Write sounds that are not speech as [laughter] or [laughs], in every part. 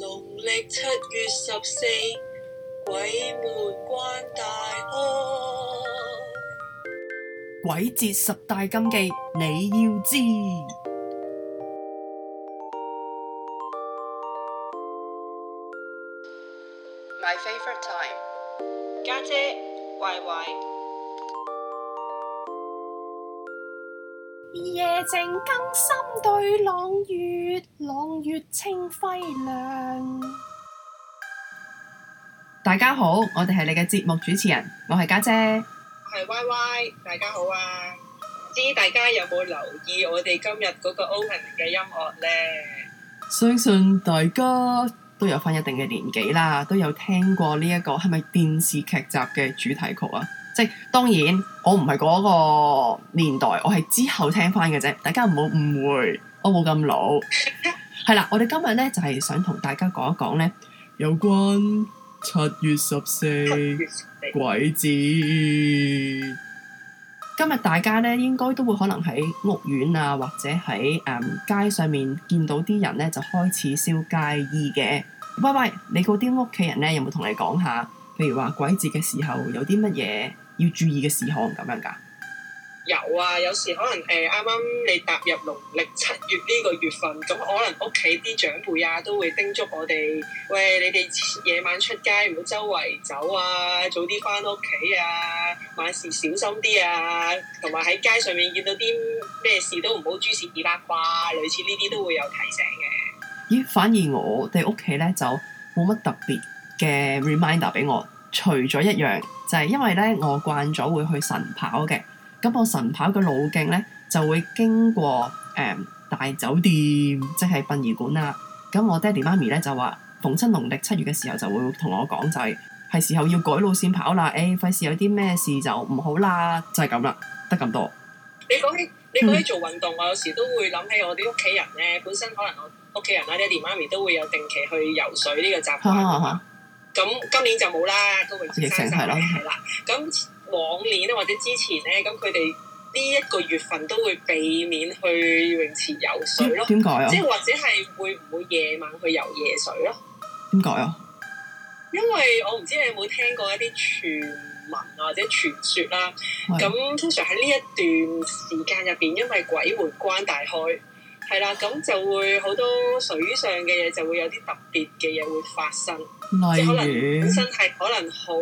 農曆七月十四，鬼門關大開。鬼節十大禁忌，你要知。夜靜更深，對朗月，朗月清輝亮。大家好，我哋係你嘅節目主持人，我係家姐，姐，我係 Y Y。大家好啊，唔知大家有冇留意我哋今日嗰個 opening 嘅音樂咧？相信大家都有返一定嘅年紀啦，都有聽過呢一個係咪電視劇集嘅主題曲啊？即當然，我唔係嗰個年代，我係之後聽翻嘅啫。大家唔好誤會，我冇咁老。係啦， [laughs] 我哋今日咧就係、是、想同大家講一講咧有關七月十四，月十四鬼節。今日大家咧應該都會可能喺屋苑啊，或者喺誒、嗯、街上面見到啲人咧就開始燒街衣嘅。喂喂，你嗰啲屋企人咧有冇同你講下？譬如話鬼節嘅時候有啲乜嘢？要注意嘅事可能咁樣㗎，有啊，有時可能誒啱啱你踏入農曆七月呢個月份，咁可能屋企啲長輩啊都會叮囑我哋，喂，你哋夜晚出街唔好周圍走啊，早啲返屋企啊，萬事小心啲啊，同埋喺街上面見到啲咩事都唔好諸事幾八卦，類似呢啲都會有提醒嘅。咦，反而我哋屋企咧就冇乜特別嘅 reminder 俾我。除咗一樣就係因為咧，我慣咗會去晨跑嘅，咁我晨跑嘅路徑咧就會經過誒大酒店，即係殯儀館啦。咁我爹哋媽咪咧就話，逢親農曆七月嘅時候就會同我講就係，係時候要改路線跑啦。誒，費事有啲咩事就唔好啦，就係咁啦，得咁多。你講起你講起做運動，我有時都會諗起我哋屋企人咧，本身可能我屋企人啦，爹哋媽咪都會有定期去游水呢個習慣。咁今年就冇啦，都泳池生曬氣啦。咁 [noise] 了往年咧或者之前咧，咁佢哋呢一個月份都會避免去泳池游水咯。點解啊？即係或者係會唔會夜晚去游夜水咯？點解啊？因為我唔知你有冇聽過一啲傳聞或者傳説啦。咁的通常喺呢一段時間入邊，因為鬼門關大開。係啦，咁就會好多水上嘅嘢就會有啲特別嘅嘢會發生，即係可能本身係可能好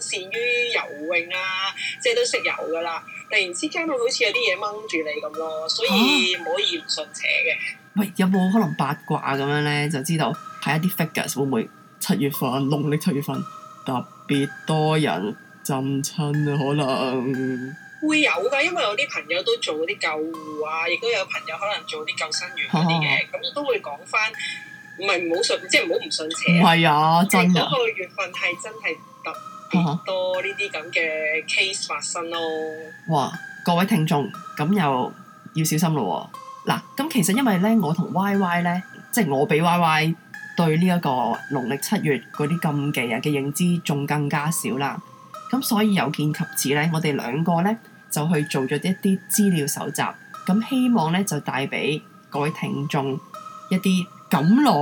擅於游泳啊，即係都識游噶啦，突然之間好似有啲嘢掹住你咁咯，所以唔可以唔信邪嘅。啊、喂，有冇可能八卦咁樣咧？就知道係一啲 figures 會唔會七月份，農曆七月份特別多人浸親啊，可能？會有㗎，因為我啲朋友都做嗰啲救護啊，亦都有朋友可能做啲救生員嗰啲嘅，咁都會講翻，唔係唔好信，即係唔好唔信邪。唔係啊，真㗎。呢個月份係真係特別多呢啲咁嘅 case 發生咯。哇，各位聽眾，咁又要小心咯喎！嗱，咁其實因為咧，我同 Y Y 咧，即係我比 Y Y 對呢一個農曆七月嗰啲禁忌啊嘅認知仲更加少啦。咁所以有見及此咧，我哋兩個咧。就去做咗一啲資料搜集，咁希望咧就帶俾各位聽眾一啲感浪。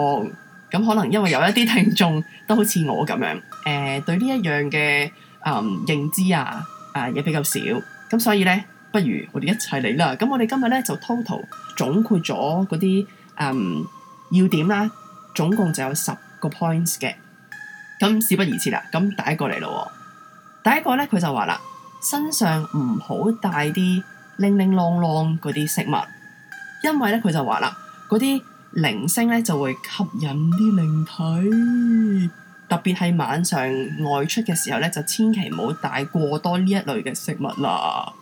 咁可能因為有一啲聽眾都好似我咁樣，誒、呃、對呢一樣嘅誒、嗯、認知啊，啊嘢比較少，咁所以咧不如我哋一齊嚟啦。咁我哋今日咧就 total 總括咗嗰啲誒要點啦，總共就有十個 points 嘅。咁事不宜遲啦，咁第一個嚟咯，第一個咧佢就話啦。身上唔好帶啲鈴鈴啷啷嗰啲飾物，因為咧佢就話啦，嗰啲鈴聲咧就會吸引啲靈體，特別係晚上外出嘅時候咧，就千祈唔好帶過多呢一類嘅飾物啦。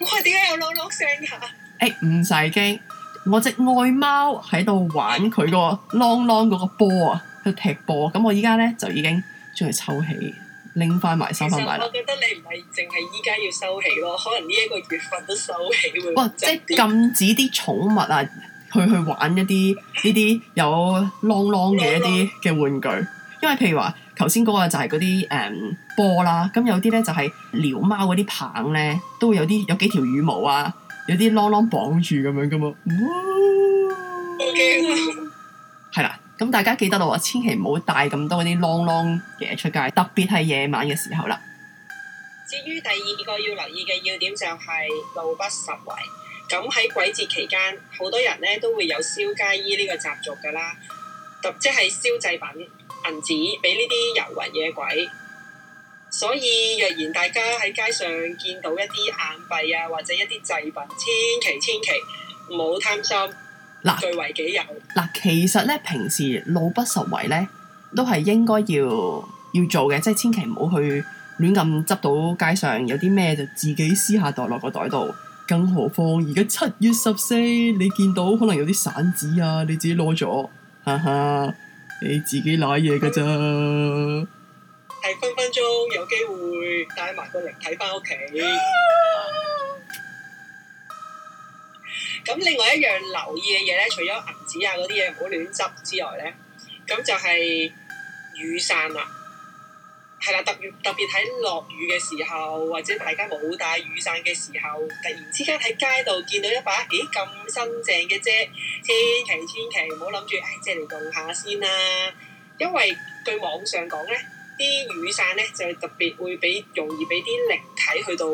哇！點解有啷啷聲噶？誒唔使驚，我隻愛貓喺度玩佢個啷啷嗰個波啊，喺度踢波。咁我依家咧就已經將佢抽起。拎翻埋收翻埋，我覺得你唔係淨係依家要收起咯，可能呢一個月份都收起會。哇！即係禁止啲寵物啊，去去玩一啲呢啲有啷啷嘅一啲嘅玩具，弄弄因為譬如話頭先嗰個就係嗰啲誒波啦，咁有啲咧就係、是、撩貓嗰啲棒咧，都會有啲有幾條羽毛啊，有啲啷啷綁住咁樣噶嘛。 [laughs] 咁大家記得啦，千祈唔好帶咁多嗰啲啷啷嘅嘢出街，特別係夜晚嘅時候啦。至於第二個要留意嘅要點就係路不拾遺。咁喺鬼節期間，好多人咧都會有燒街衣呢個習俗噶啦，即係燒祭品銀紙俾呢啲遊魂野鬼。所以若然大家喺街上見到一啲硬幣啊，或者一啲祭品，千祈千祈唔好貪心。嗱，據為己有。嗱，其實咧，平時路不拾遺咧，都係應該要要做嘅，即係千祈唔好去亂咁執到街上有啲咩就自己私下袋落個袋度。更何況而家七月十四，你見到可能有啲散紙啊，你自己攞咗，哈哈，你自己攋嘢嘅咋，係分分鐘有機會帶埋個靈體翻屋企。 [laughs] 咁另外一樣留意嘅嘢咧，除咗銀紙啊嗰啲嘢唔好亂執之外咧，咁就係雨傘啦、啊。係啦，特別特別喺落雨嘅時候，或者大家冇帶雨傘嘅時候，突然之間喺街度見到一把，咦、哎、咁新淨嘅啫，千祈千祈唔好諗住，唉、哎、借嚟用下先啦、啊。因為據網上講咧，啲雨傘咧就特別會俾容易俾啲靈體去到，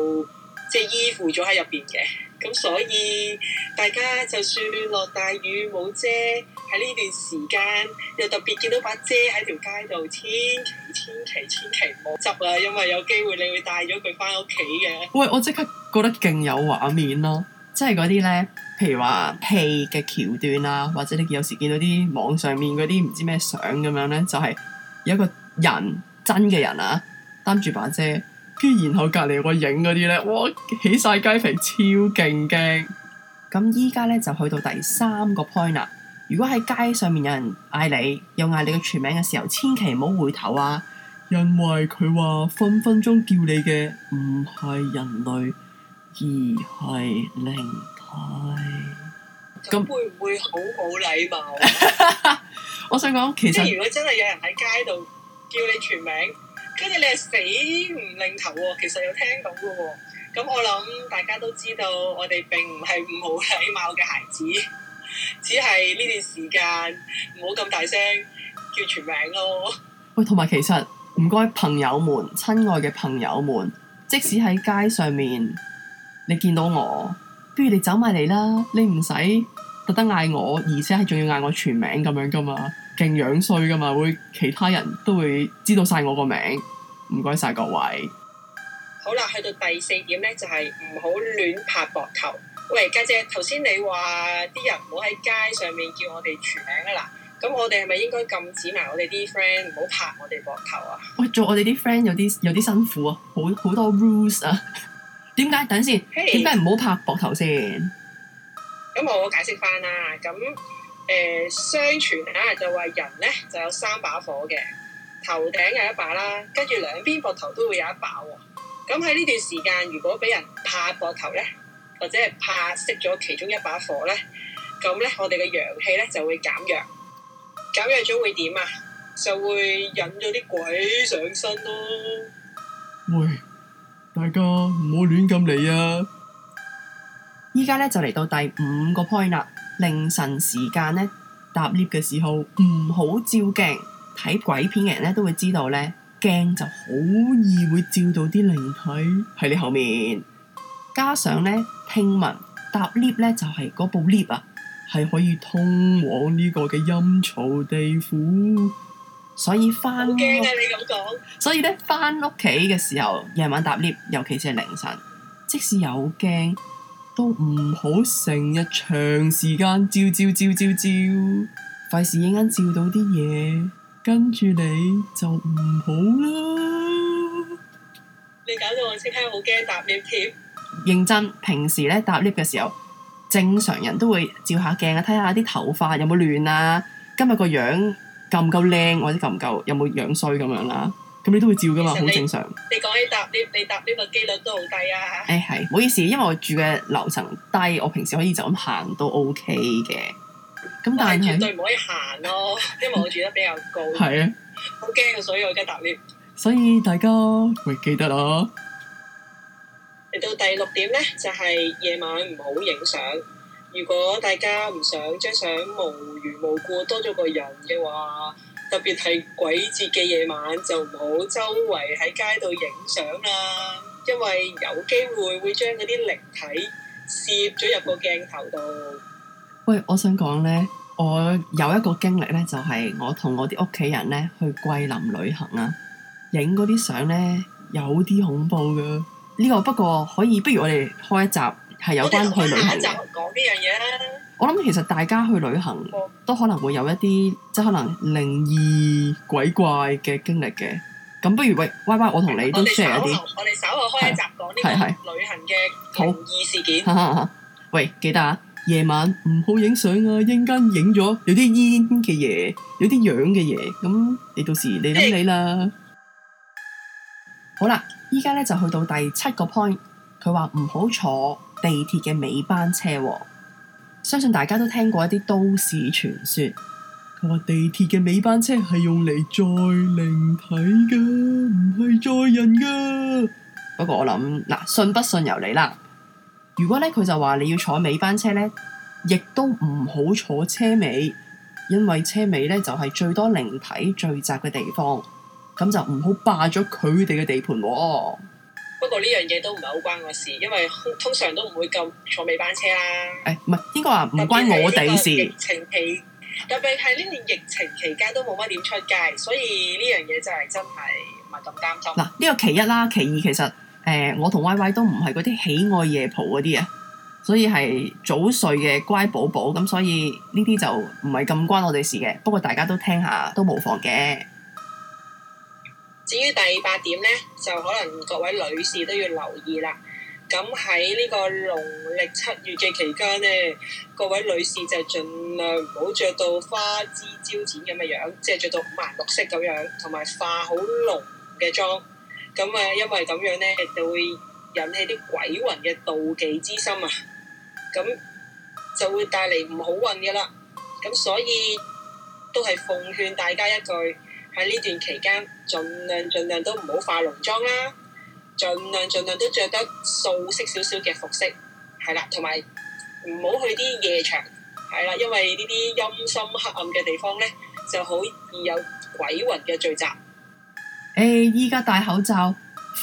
即係依附咗喺入邊嘅。咁所以大家就算落大雨冇遮，喺呢段時間又特別見到把遮喺條街度，千祈千祈千祈唔好執啦，因為有機會你會帶咗佢翻屋企嘅。喂，我即刻覺得勁有畫面咯，即係嗰啲咧，譬如話戲嘅橋段啊，或者你有時見到啲網上面嗰啲唔知咩相咁樣咧，就係、是、有一個人，真嘅人啊，擔住把遮。跟住然後隔離個影嗰啲咧，哇起晒雞皮，超勁驚！咁依家咧就去到第三個 point 啦。如果喺街上面有人嗌你，又嗌你嘅全名嘅時候，千祈唔好回頭啊，因為佢話分分鐘叫你嘅唔係人類，而係靈體。咁會唔會好冇禮貌啊？ [laughs] 我想講其實，即係如果真係有人喺街度叫你全名。跟住你係死唔擰頭喎，其實有聽懂㗎喎。咁我諗大家都知道，我哋並唔係唔好禮貌嘅孩子，只係呢段時間唔好咁大聲叫全名咯。喂，同埋其實唔該，朋友們，親愛嘅朋友們，即使喺街上面，你見到我，不如你走埋嚟啦。你唔使特登嗌我，而且係仲要嗌我全名咁樣㗎嘛。勁樣衰噶嘛，會其他人都會知道晒我個名。唔該晒各位。好啦，去到第四點咧，就係唔好亂拍膊頭。喂，家姐，姐，頭先你話啲人唔好喺街上面叫我哋全名噶啦，咁我哋係咪應該禁止埋我哋啲 friend 唔好拍我哋膊頭啊？喂，做我哋啲 friend 有啲有啲辛苦啊，好好多 rules 啊？點解？等先，點解唔好拍膊頭先？咁我解釋翻啦，咁。誒、呃，相傳啊，就話人咧就有三把火嘅，頭頂有一把啦、啊，跟住兩邊膊頭都會有一把喎、啊。咁喺呢段時間，如果俾人拍膊頭咧，或者係拍熄咗其中一把火咧，咁咧我哋嘅陽氣咧就會減弱，減弱咗會點啊？就會引咗啲鬼上身咯、啊。喂，大家唔好亂咁嚟啊！依家咧就嚟到第五個 point 啦。凌晨時間咧搭 lift 嘅時候，唔好照鏡。睇鬼片嘅人咧都會知道咧，鏡就好易會照到啲靈體喺你後面。加上咧，聽聞搭 lift 咧就係嗰部 lift 啊，係可以通往呢個嘅陰曹地府。所以翻，好驚啊！你咁講，所以咧翻屋企嘅時候，夜晚搭 lift，尤其是係凌晨，即使有鏡。都唔好成日長時間照照照照照，照，照，費事一間照到啲嘢，跟住你就唔好啦。你搞到我即刻好驚搭 lift。認真，平時咧搭 lift 嘅時候，正常人都會照下鏡啊，睇下啲頭髮有冇亂啊，今日個樣夠唔夠靚或者夠唔夠有冇樣衰咁樣啦，啊。咁你都會照噶嘛，好正常。你講起搭 lift，你搭 lift 嘅機率都好低啊。誒係，唔好意思，因為我住嘅樓層低，我平時可以就咁行都 OK 嘅。咁但係絕對唔可以行咯，因為我住得比較高。係啊，好驚啊，所以我而家搭 lift。所以大家會記得咯。嚟到第六點咧，就係夜晚唔好影相。如果大家唔想張相無緣無故多咗個人嘅話。特別係鬼節嘅夜晚，就唔好周圍喺街度影相啦，因為有機會會將嗰啲靈體攝咗入個鏡頭度。喂，我想講呢，我有一個經歷呢，就係我同我啲屋企人呢去桂林旅行啊，影嗰啲相呢，有啲恐怖㗎。呢個不過可以，不如我哋開一集係有關去旅行，講啲嘢。我諗其實大家去旅行都可能會有一啲，即係可能靈異鬼怪嘅經歷嘅。咁不如喂，Y Y，我同你都 share 一啲。我哋稍後，我哋稍後開一集講呢個旅行嘅靈異事件。 [laughs] 喂，記得啊，夜晚唔好影相啊，應該影咗有啲煙嘅嘢，有啲樣嘅嘢。咁你到時你諗你啦。欸、好啦，依家咧就去到第七個 point，佢話唔好坐地鐵嘅尾班車，哦。相信大家都聽過一啲都市傳說，佢話地鐵嘅尾班車係用嚟載靈體噶，唔係載人噶。不過我諗嗱，信不信由你啦。如果咧佢就話你要坐尾班車咧，亦都唔好坐車尾，因為車尾咧就係最多靈體聚集嘅地方，咁就唔好霸咗佢哋嘅地盤。不過呢樣嘢都唔係好關我事，因為通常都唔會咁坐尾班車啦。誒、哎，唔係應該話唔關我哋事。疫情期特別係呢年疫情期間都冇乜點出街，所以呢樣嘢就係真係唔係咁擔心。嗱、啊，呢、呢個其一啦，其二其實誒、呃，我同威威都唔係嗰啲喜愛夜蒲嗰啲啊，所以係早睡嘅乖寶寶，咁所以呢啲就唔係咁關我哋事嘅。不過大家都聽下都冇妨嘅。至於第八點咧，就可能各位女士都要留意啦。咁喺呢個農曆七月嘅期間咧，各位女士就盡量唔好着到花枝招展咁嘅樣，即係着到五顏六色咁樣，同埋化好濃嘅妝。咁啊，因為咁樣咧，就會引起啲鬼魂嘅妒忌之心啊。咁就會帶嚟唔好運嘅啦。咁所以都係奉勸大家一句。喺呢段期間，盡量盡量都唔好化濃妝啦，盡量盡量都著得素色少少嘅服飾，係啦，同埋唔好去啲夜場，係啦，因為呢啲陰森黑暗嘅地方咧，就好易有鬼魂嘅聚集。誒，依家戴口罩，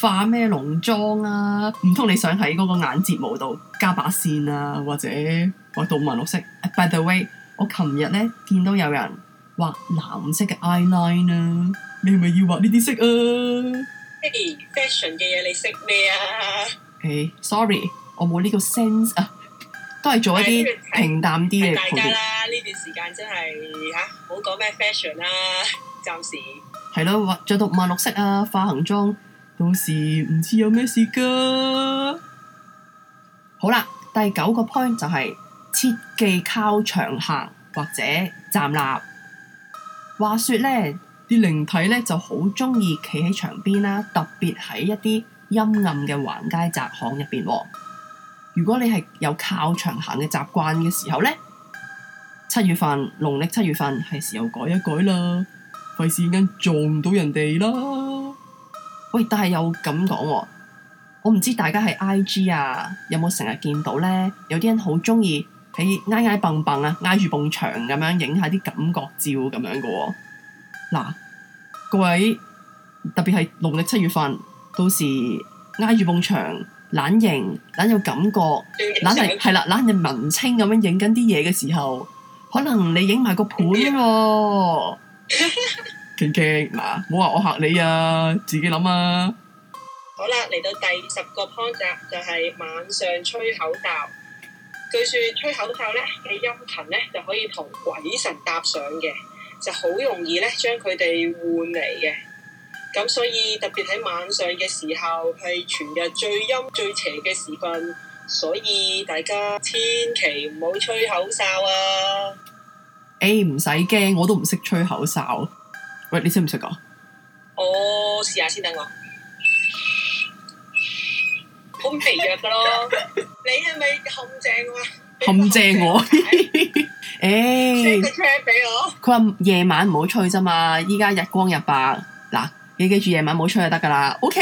化咩濃妝啊？唔通你想喺嗰個眼睫毛度加把線啊？或者我到五顏六色？By the way，我琴日咧見到有人。畫藍色嘅 eye line 啊！你係咪要畫呢啲色啊？爹哋，fashion 嘅嘢你識咩啊？誒，sorry，我冇呢個 sense 啊，都係做一啲平淡啲嘅。得啦，呢段時間真係吓，唔好講咩 fashion 啦，暫時。係咯，畫咗到五顏六色啊！化行妝，到時唔知有咩事噶。好啦，第九個 point 就係切忌靠牆行或者站立。話說呢啲靈體呢就好鍾意企喺牆邊啦，特別喺一啲陰暗嘅橫街窄巷入邊。如果你係有靠牆行嘅習慣嘅時候呢，七月份農曆七月份係時候改一改啦，費事先間撞到人哋啦。喂，但係又咁講，我唔知大家係 IG 啊，有冇成日見到呢？有啲人好鍾意。喺、哎、挨挨蹦蹦啊，挨住埲牆咁樣影下啲感覺照咁樣噶喎。嗱，各位，特別係農曆七月份，到時挨住埲牆，懶型，懶有感覺，懶係係啦，懶係文青咁樣影緊啲嘢嘅時候，可能你影埋個盤咯。勁勁，嗱，唔好話我吓你啊，自己諗啊。好啦，嚟到第十個 project 就就係、係晚上吹口罩。據説吹口哨咧，嘅陰魂咧就可以同鬼神搭上嘅，就好容易咧將佢哋換嚟嘅。咁所以特別喺晚上嘅時候，係全日最陰最邪嘅時分，所以大家千祈唔好吹口哨啊！誒唔使驚，我都唔識吹口哨。喂，你識唔識噶？我試下先，等我。好微弱噶咯，你係咪陷阱啊？陷阱我，誒，send 個 check 俾我。佢話夜晚唔好吹啫嘛，依家日光日白，嗱，你記住夜晚唔好吹就得噶啦，OK。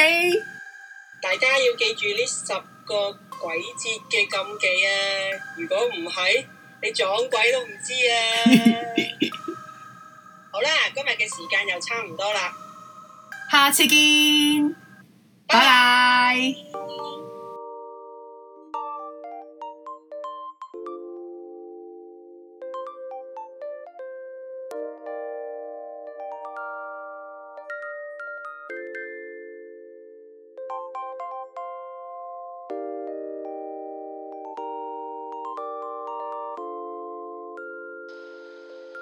大家要記住呢十個鬼節嘅禁忌啊！如果唔係，你撞鬼都唔知啊！好啦，今日嘅時間又差唔多啦，下次見，拜拜。